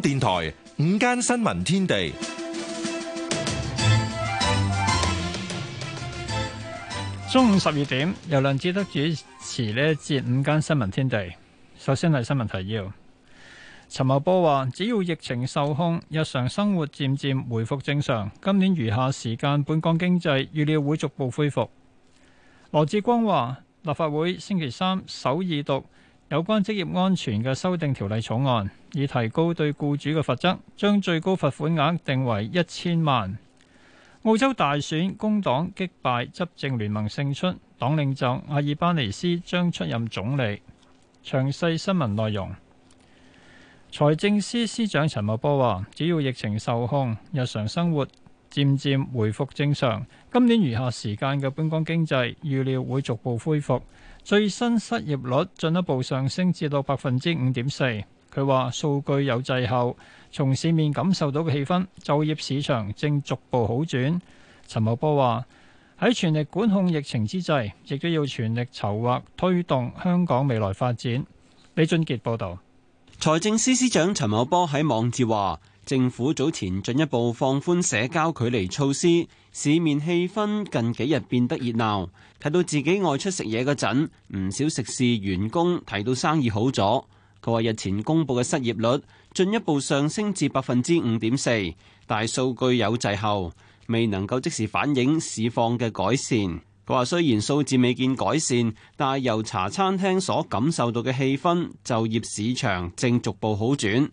電台午間新聞天地，中午十二點由梁志德主持呢一節午間新聞天地。首先係新聞提要，陳茂波話：只要疫情受控，日常生活漸漸回復正常，今年餘下時間，本港經濟預料會逐步恢復。羅志光話：立法會星期三首二讀。有關職業安全嘅修訂條例草案，以提高對僱主嘅罰則，將最高罰款額定為一千萬。澳洲大選，工黨擊敗執政聯盟勝出，黨領袖阿爾巴尼斯將出任總理。詳細新聞內容，財政司司長陳茂波話：只要疫情受控，日常生活漸漸回復正常，今年餘下時間嘅本港經濟預料會逐步恢復。最新失業率進一步上升至到百分之五點四。佢話數據有滯後，從市面感受到嘅氣氛，就業市場正逐步好轉。陳茂波話：喺全力管控疫情之際，亦都要全力籌劃推動香港未來發展。李俊傑報導。財政司司長陳茂波喺網誌話：政府早前進一步放寬社交距離措施。市面氣氛近幾日變得熱鬧，睇到自己外出食嘢嗰陣，唔少食肆員工提到生意好咗。佢話日前公布嘅失業率進一步上升至百分之五點四，但數據有滯後，未能夠即時反映市況嘅改善。佢話雖然數字未見改善，但係由茶餐廳所感受到嘅氣氛，就業市場正逐步好轉。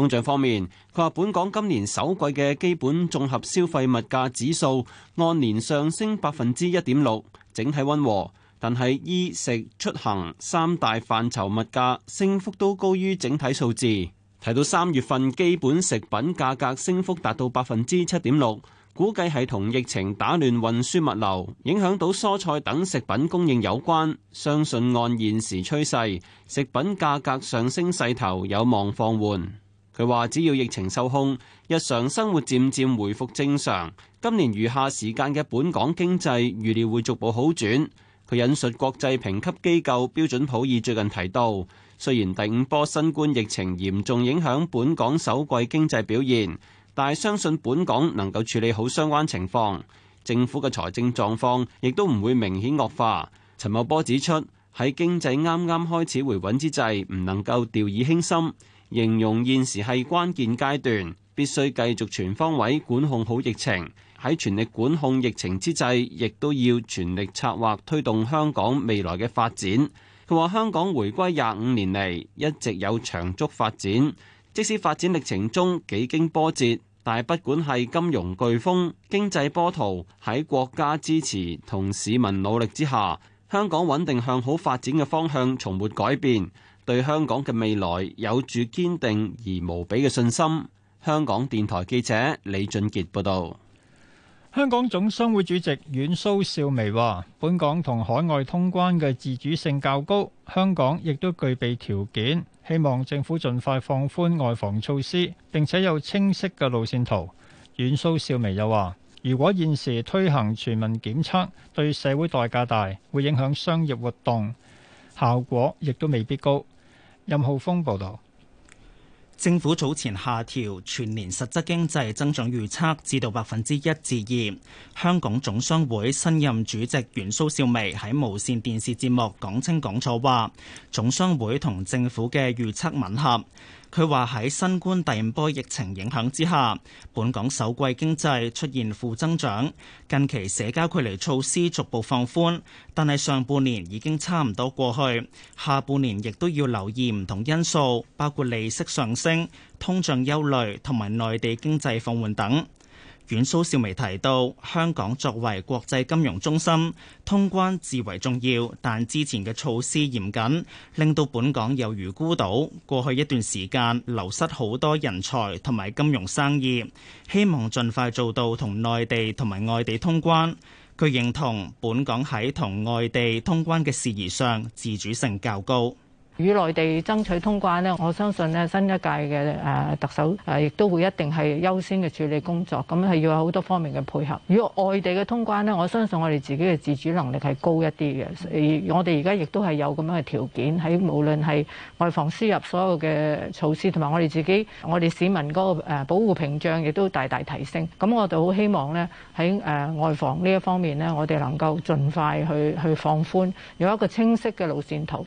通脹方面，佢話本港今年首季嘅基本綜合消費物價指數按年上升百分之一點六，整體溫和，但係衣食出行三大範疇物價升幅都高於整體數字。提到三月份基本食品價格升幅達到百分之七點六，估計係同疫情打亂運輸物流，影響到蔬菜等食品供應有關。相信按現時趨勢，食品價格上升勢頭有望放緩。佢話，只要疫情受控，日常生活漸漸回復正常，今年餘下時間嘅本港經濟預料會逐步好轉。佢引述國際評級機構標準普爾最近提到，雖然第五波新冠疫情嚴重影響本港首季經濟表現，但係相信本港能夠處理好相關情況，政府嘅財政狀況亦都唔會明顯惡化。陳茂波指出，喺經濟啱啱開始回穩之際，唔能夠掉以輕心。形容現時係關鍵階段，必須繼續全方位管控好疫情。喺全力管控疫情之際，亦都要全力策劃推動香港未來嘅發展。佢話香港回歸廿五年嚟一直有長足發展，即使發展歷程中幾經波折，但係不管係金融颶風、經濟波濤，喺國家支持同市民努力之下，香港穩定向好發展嘅方向從沒改變。對香港嘅未來有住堅定而無比嘅信心。香港電台記者李俊傑報道，香港總商會主席阮蘇少薇話：本港同海外通關嘅自主性較高，香港亦都具備條件，希望政府盡快放寬外防措施，並且有清晰嘅路線圖。阮蘇少薇又話：如果現時推行全民檢測，對社會代價大，會影響商業活動。效果亦都未必高。任浩峰報道。政府早前下調全年實質經濟增長預測至到百分之一至二。香港總商會新任主席袁蘇少薇喺無線電視節目講清講楚話，總商會同政府嘅預測吻合。佢話喺新冠第五波疫情影響之下，本港首季經濟出現負增長。近期社交距離措施逐步放寬，但係上半年已經差唔多過去，下半年亦都要留意唔同因素，包括利息上升、通脹憂慮同埋內地經濟放緩等。卷蘇少薇提到，香港作為國際金融中心，通關至為重要，但之前嘅措施嚴謹令到本港有如孤島過去一段時間流失好多人才同埋金融生意，希望盡快做到同內地同埋外地通關，佢認同本港喺同外地通關嘅事宜上自主性較高。與內地爭取通關咧，我相信咧，新一屆嘅誒特首誒亦都會一定係優先嘅處理工作。咁係要有好多方面嘅配合。如果外地嘅通關咧，我相信我哋自己嘅自主能力係高一啲嘅。所以我哋而家亦都係有咁樣嘅條件喺，無論係外防輸入所有嘅措施，同埋我哋自己我哋市民嗰個保護屏障亦都大大提升。咁我哋好希望咧喺誒外防呢一方面咧，我哋能夠盡快去去放寬，有一個清晰嘅路線圖。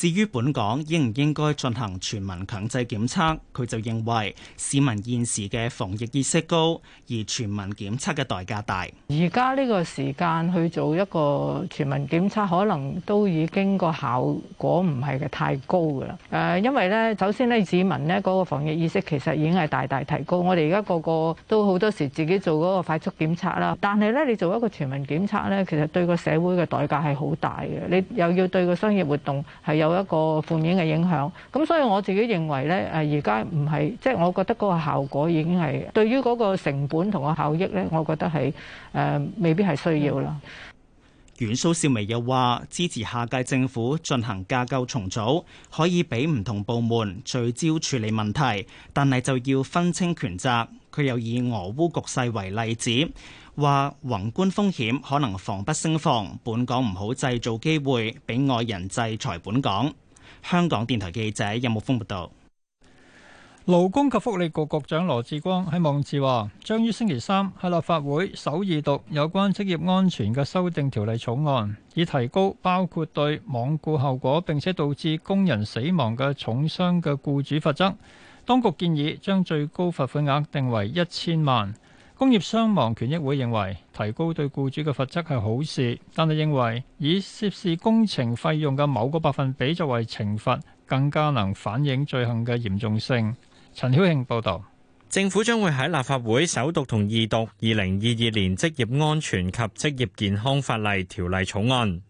至於本港應唔應該進行全民強制檢測，佢就認為市民現時嘅防疫意識高，而全民檢測嘅代價大。而家呢個時間去做一個全民檢測，可能都已經個效果唔係太高㗎啦。誒、呃，因為咧，首先呢，市民呢嗰、那個防疫意識其實已經係大大提高。我哋而家個個都好多時自己做嗰個快速檢測啦。但係咧，你做一個全民檢測咧，其實對個社會嘅代價係好大嘅。你又要對個商業活動係有有一個負面嘅影響，咁所以我自己認為咧，誒而家唔係，即係，我覺得嗰個效果已經係對於嗰個成本同個效益咧，我覺得係誒未必係需要啦。阮蘇少微又話支持下屆政府進行架構重組，可以俾唔同部門聚焦處理問題，但係就要分清權責。佢又以俄烏局勢為例子，話宏觀風險可能防不勝防，本港唔好製造機會俾外人制裁本港。香港電台記者任木峰報道。勞工及福利局局長羅志光喺網誌話，將於星期三喺立法會首二讀有關職業安全嘅修訂條例草案，以提高包括對罔顧後果並且導致工人死亡嘅重傷嘅僱主罰則。當局建議將最高罰款額定為一千萬。工業傷亡權益會認為提高對僱主嘅罰則係好事，但係認為以涉事工程費用嘅某個百分比作為懲罰，更加能反映罪行嘅嚴重性。陳曉慶報道，政府將會喺立法會首讀同二讀《二零二二年職業安全及職業健康法例條例草案》。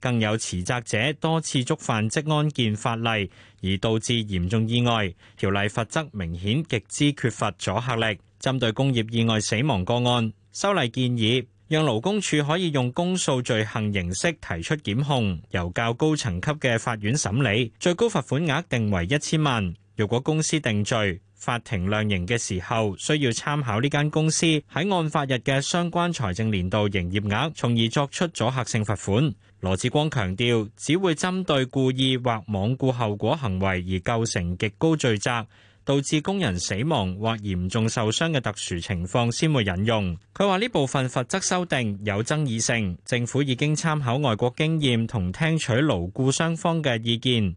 更有持責者多次觸犯職安健法例，而導致嚴重意外。條例罰則明顯極之缺乏阻吓力。針對工業意外死亡個案，修例建議讓勞工處可以用公訴罪行形式提出檢控，由較高層級嘅法院審理，最高罰款額定為一千萬。如果公司定罪，法庭量刑嘅時候需要參考呢間公司喺案發日嘅相關財政年度營業額，從而作出阻吓性罰款。羅志光強調，只會針對故意或罔顧後果行為而構成極高罪責，導致工人死亡或嚴重受傷嘅特殊情況，先會引用。佢話呢部分罰則修訂有爭議性，政府已經參考外國經驗同聽取勞僱雙方嘅意見。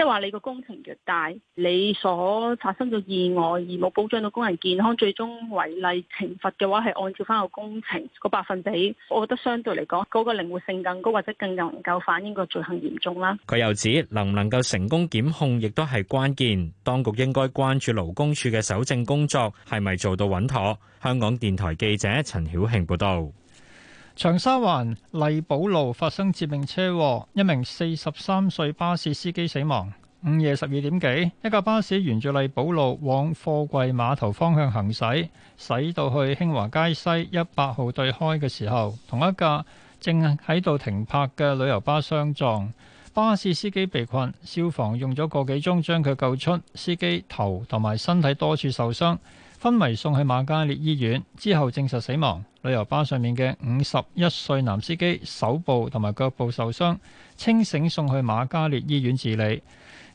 即係話你個工程越大，你所發生嘅意外而冇保障到工人健康，最終違例懲罰嘅話，係按照翻個工程個百分比，我覺得相對嚟講嗰個靈活性更高，或者更能夠反映個罪行嚴重啦。佢又指能唔能夠成功檢控，亦都係關鍵。當局應該關注勞工處嘅搜證工作係咪做到穩妥。香港電台記者陳曉慶報道。長沙灣荔寶路發生致命車禍，一名四十三歲巴士司機死亡。午夜十二點幾，一架巴士沿住荔寶路往貨櫃碼頭方向行駛，駛到去興華街西一百號對開嘅時候，同一架正喺度停泊嘅旅遊巴相撞，巴士司機被困，消防用咗個幾鐘將佢救出，司機頭同埋身體多處受傷。昏迷送去瑪嘉烈醫院之後證實死亡。旅遊巴上面嘅五十一歲男司機手部同埋腳部受傷，清醒送去瑪嘉烈醫院治理。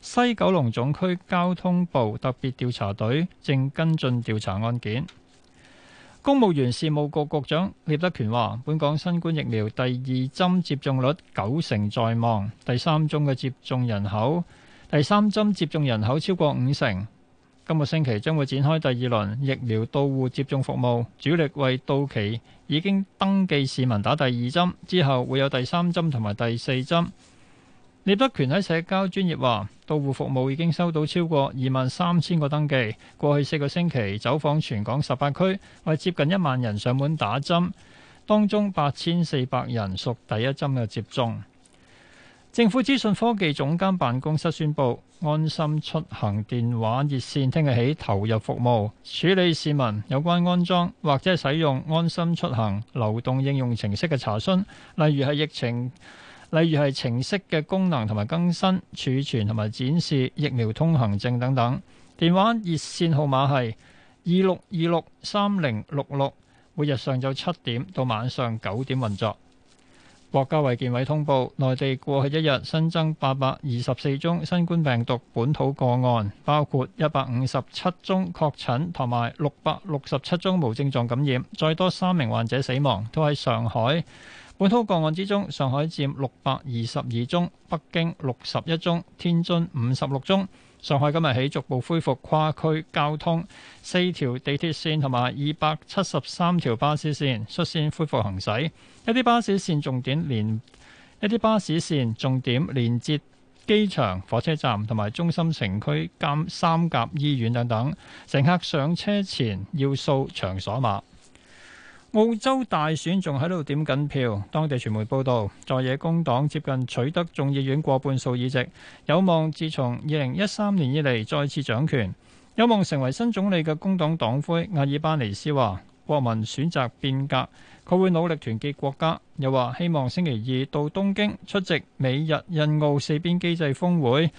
西九龍總區交通部特別調查隊正跟進調查案件。公務員事務局局，局長聶德權話：本港新冠疫苗第二針接種率九成在望，第三針嘅接種人口，第三針接種人口超過五成。今個星期將會展開第二輪疫苗到戶接種服務，主力為到期已經登記市民打第二針之後，會有第三針同埋第四針。聶德權喺社交專頁話，到戶服務已經收到超過二萬三千個登記，過去四個星期走訪全港十八區，為接近一萬人上門打針，當中八千四百人屬第一針嘅接種。政府資訊科技總監辦公室宣布，安心出行電話熱線聽日起投入服務，處理市民有關安裝或者使用安心出行流動應用程式嘅查詢，例如係疫情，例如係程式嘅功能同埋更新、儲存同埋展示疫苗通行證等等。電話熱線號碼係二六二六三零六六，每日上晝七點到晚上九點運作。國家衛健委通報，內地過去一日新增八百二十四宗新冠病毒本土個案，包括一百五十七宗確診，同埋六百六十七宗無症狀感染，再多三名患者死亡，都喺上海。本土個案之中，上海佔六百二十二宗，北京六十一宗，天津五十六宗。上海今日起逐步恢復跨區交通，四條地鐵綫同埋二百七十三條巴士綫率先恢復行駛，一啲巴士綫重點連一啲巴士綫重點連接機場、火車站同埋中心城區及三甲醫院等等，乘客上車前要掃場所碼。澳洲大選仲喺度點緊票，當地傳媒報道，在野工黨接近取得眾議院過半數議席，有望自從二零一三年以嚟再次掌權。有望成為新總理嘅工黨黨魁阿爾巴尼斯話：國民選擇變革，佢會努力團結國家。又話希望星期二到東京出席美日印澳四邊機制峰會，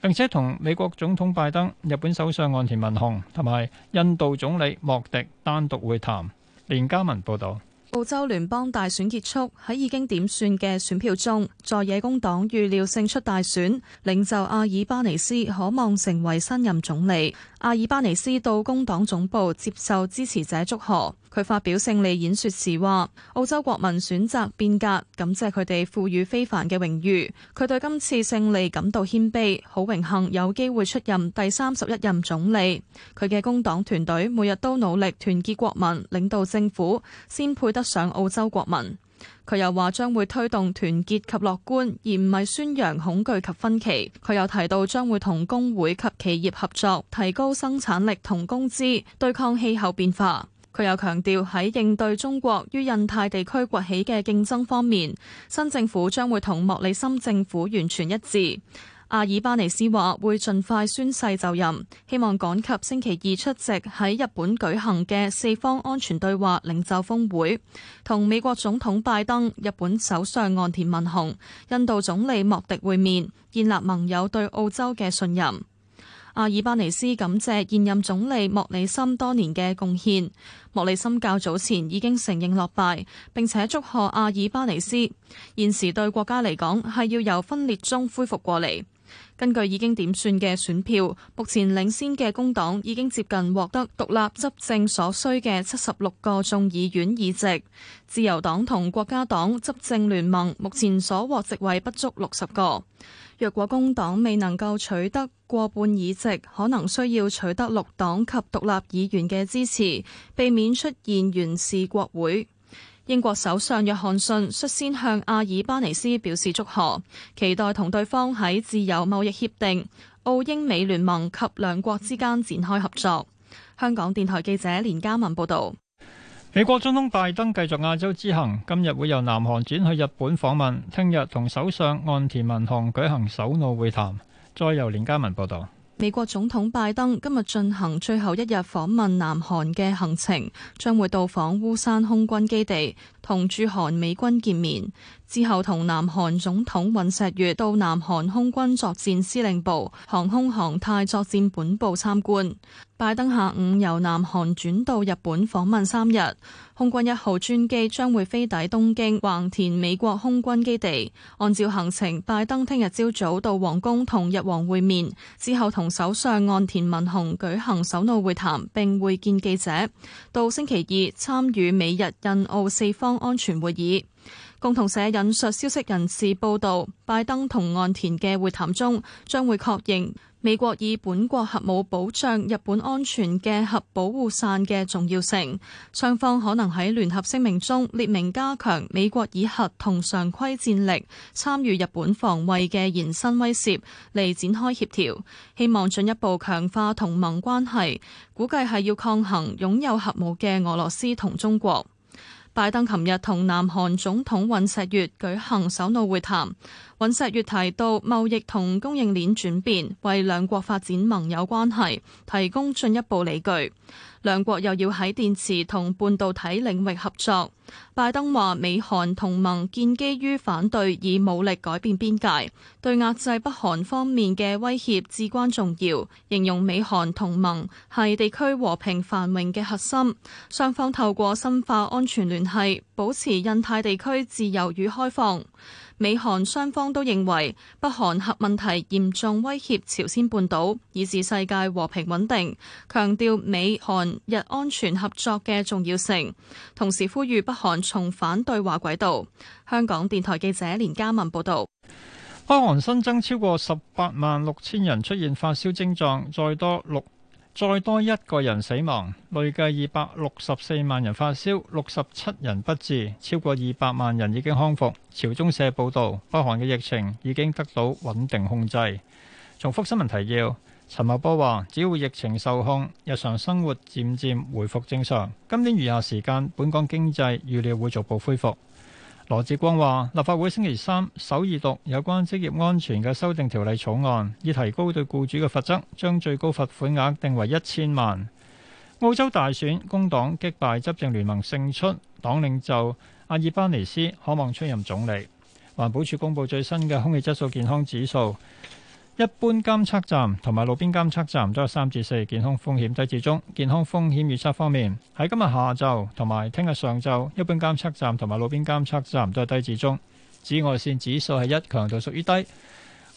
並且同美國總統拜登、日本首相岸田文雄同埋印度總理莫迪單獨會談。連家文報道，澳洲聯邦大選結束，喺已經點算嘅選票中，在野工黨預料勝出大選，領袖阿爾巴尼斯可望成為新任總理。阿爾巴尼斯到工黨總部接受支持者祝賀。佢發表勝利演說時話：澳洲國民選擇變革，感謝佢哋賦予非凡嘅榮譽。佢對今次勝利感到謙卑，好榮幸有機會出任第三十一任總理。佢嘅工黨團隊每日都努力團結國民，領導政府，先配得上澳洲國民。佢又話將會推動團結及樂觀，而唔係宣揚恐懼及分歧。佢又提到將會同工會及企業合作，提高生產力同工資，對抗氣候變化。佢又強調喺應對中國於印太地區崛起嘅競爭方面，新政府將會同莫里森政府完全一致。阿爾巴尼斯話會盡快宣誓就任，希望趕及星期二出席喺日本舉行嘅四方安全對話領袖峰會，同美國總統拜登、日本首相岸田文雄、印度總理莫迪會面，建立盟友對澳洲嘅信任。阿爾巴尼斯感謝現任總理莫里森多年嘅貢獻。莫里森較早前已經承認落敗，並且祝賀阿爾巴尼斯。現時對國家嚟講，係要由分裂中恢復過嚟。根據已經點算嘅選票，目前領先嘅工黨已經接近獲得獨立執政所需嘅七十六個眾議院議席。自由黨同國家黨執政聯盟目前所獲席位不足六十個。若果工黨未能夠取得過半議席，可能需要取得綠黨及獨立議員嘅支持，避免出現懸峙國會。英國首相約翰遜率先向阿爾巴尼斯表示祝賀，期待同對方喺自由貿易協定、澳英美聯盟及兩國之間展開合作。香港電台記者連嘉文報道。美國總統拜登繼續亞洲之行，今日會由南韓轉去日本訪問，聽日同首相岸田文雄舉行首腦會談，再由連家文報道。美國總統拜登今日進行最後一日訪問南韓嘅行程，將會到訪烏山空軍基地，同駐韓美軍見面，之後同南韓總統尹錫悅到南韓空軍作戰司令部、航空航太作戰本部參觀。拜登下午由南韓轉到日本訪問三日，空軍一號專機將會飛抵東京橫田美國空軍基地。按照行程，拜登聽日朝早到皇宮同日王會面，之後同首相岸田文雄舉行首腦會談，並會見記者。到星期二參與美日印澳四方安全會議。共同社引述消息人士報道，拜登同岸田嘅會談中將會確認。美國以本國核武保障日本安全嘅核保護傘嘅重要性，雙方可能喺聯合聲明中列明加強美國以核同常規戰力參與日本防衛嘅延伸威懾嚟展開協調，希望進一步強化同盟關係。估計係要抗衡擁有核武嘅俄羅斯同中國。拜登琴日同南韓總統尹錫悅舉行首腦會談，尹錫悅提到貿易同供應鏈轉變為兩國發展盟友關係提供進一步理據，兩國又要喺電池同半導體領域合作。拜登話美韓同盟建基於反對以武力改變邊界，對壓制北韓方面嘅威脅至關重要。形容美韓同盟係地區和平繁榮嘅核心，雙方透過深化安全聯繫，保持印太地區自由與開放。美韓雙方都認為北韓核問題嚴重威脅朝鮮半島，以至世界和平穩定，強調美韓日安全合作嘅重要性，同時呼籲北韓重返對話軌道。香港電台記者連嘉文報道，北韓新增超過十八萬六千人出現發燒症狀，再多六。再多一個人死亡，累計二百六十四萬人發燒，六十七人不治，超過二百萬人已經康復。朝中社報道，北韓嘅疫情已經得到穩定控制。重複新聞提要，陳茂波話：只要疫情受控，日常生活漸漸回復正常，今年餘下時間，本港經濟預料會逐步恢復。羅志光話：立法會星期三首二讀有關職業安全嘅修訂條例草案，以提高對僱主嘅罰則，將最高罰款額定為一千萬。澳洲大選，工黨擊敗執政聯盟勝出，黨領袖阿爾巴尼斯可望出任總理。環保署公布最新嘅空氣質素健康指數。一般監測站同埋路邊監測站都係三至四健康風險，低至中。健康風險預測方面，喺今日下晝同埋聽日上晝，一般監測站同埋路邊監測站都係低至中。紫外線指數係一，強度屬於低。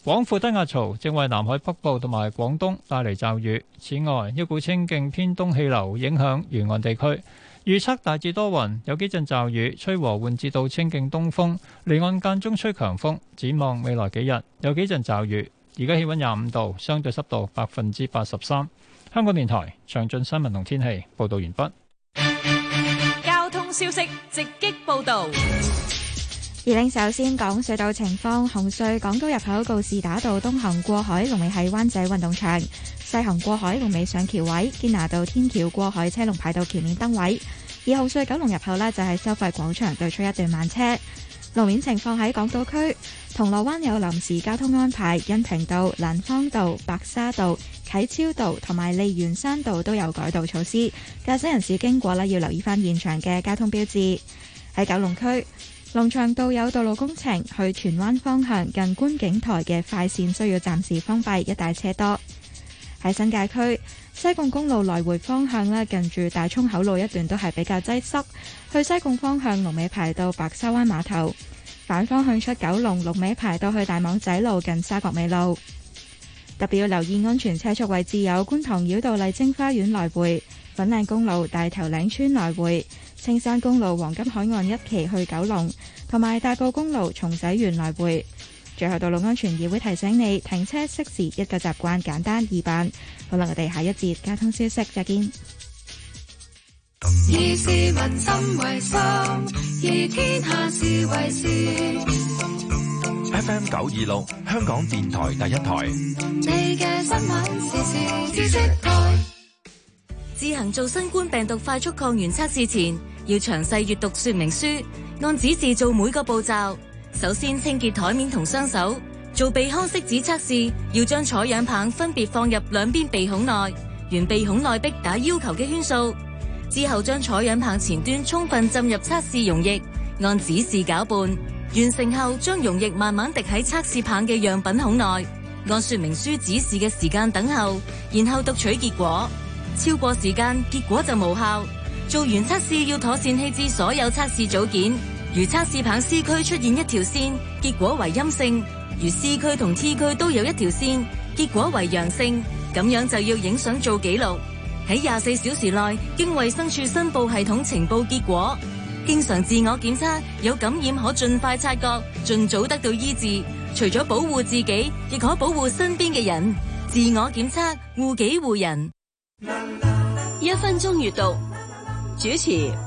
廣闊低壓槽正為南海北部同埋廣東帶嚟驟雨。此外，一股清勁偏東氣流影響沿岸地區，預測大致多雲，有幾陣驟雨，吹和緩至到清勁東風，離岸間中吹強風。展望未來幾日有幾陣驟雨。而家氣溫廿五度，相對濕度百分之八十三。香港電台詳盡新聞同天氣報道完畢。交通消息直擊報道。而家首先講隧道情況，紅隧港島入口告士打道東行過海龍尾喺灣仔運動場，西行過海龍尾上橋位堅拿道天橋過海車龍排到橋面燈位。而紅隧九龍入口呢，就係收費廣場對出一段慢車。路面情況喺港島區銅鑼灣有臨時交通安排，恩平道、蘭芳道、白沙道、啟超道同埋利園山道都有改道措施，駕駛人士經過呢，要留意翻現場嘅交通標誌。喺九龍區龍翔道有道路工程，去荃灣方向近觀景台嘅快線需要暫時封閉，一帶車多。喺新界區西貢公路來回方向呢，近住大涌口路一段都係比較擠塞。去西貢方向龍尾排到白沙灣碼頭，反方向出九龍龍尾排到去大網仔路近沙角尾路。特別要留意安全車速位置有觀塘繞道麗晶花園來回、粉嶺公路大頭嶺村來回、青山公路黃金海岸一期去九龍，同埋大埔公路松仔園來回。最後，道路安全議會提醒你，停車熄匙一個習慣，簡單易辦。好啦，我哋下一節交通消息再見。以市民心為心，以天下事為事。FM 九二六，香港電台第一台。你嘅新聞時事知識台。自行做新冠病毒快速抗原測試前，要詳細閱讀說明書，按指示做每個步驟。首先清潔台面同雙手，做鼻腔拭子測試。要將採樣棒分別放入兩邊鼻孔內，沿鼻孔內壁打要求嘅圈數。之後將採樣棒前端充分浸入測試溶液，按指示攪拌。完成後將溶液慢慢滴喺測試棒嘅樣品孔內，按說明書指示嘅時間等候，然後讀取結果。超過時間結果就無效。做完測試要妥善棄置所有測試組件。如測試棒 C 區出現一條線，結果為陰性；如 C 區同 T 區都有一條線，結果為陽性。咁樣就要影相做記錄，喺廿四小時內經衛生署申報系統呈報結果。經常自我檢測，有感染可盡快察覺，盡早得到醫治。除咗保護自己，亦可保護身邊嘅人。自我檢測，護己護人。一分鐘閱讀，主持。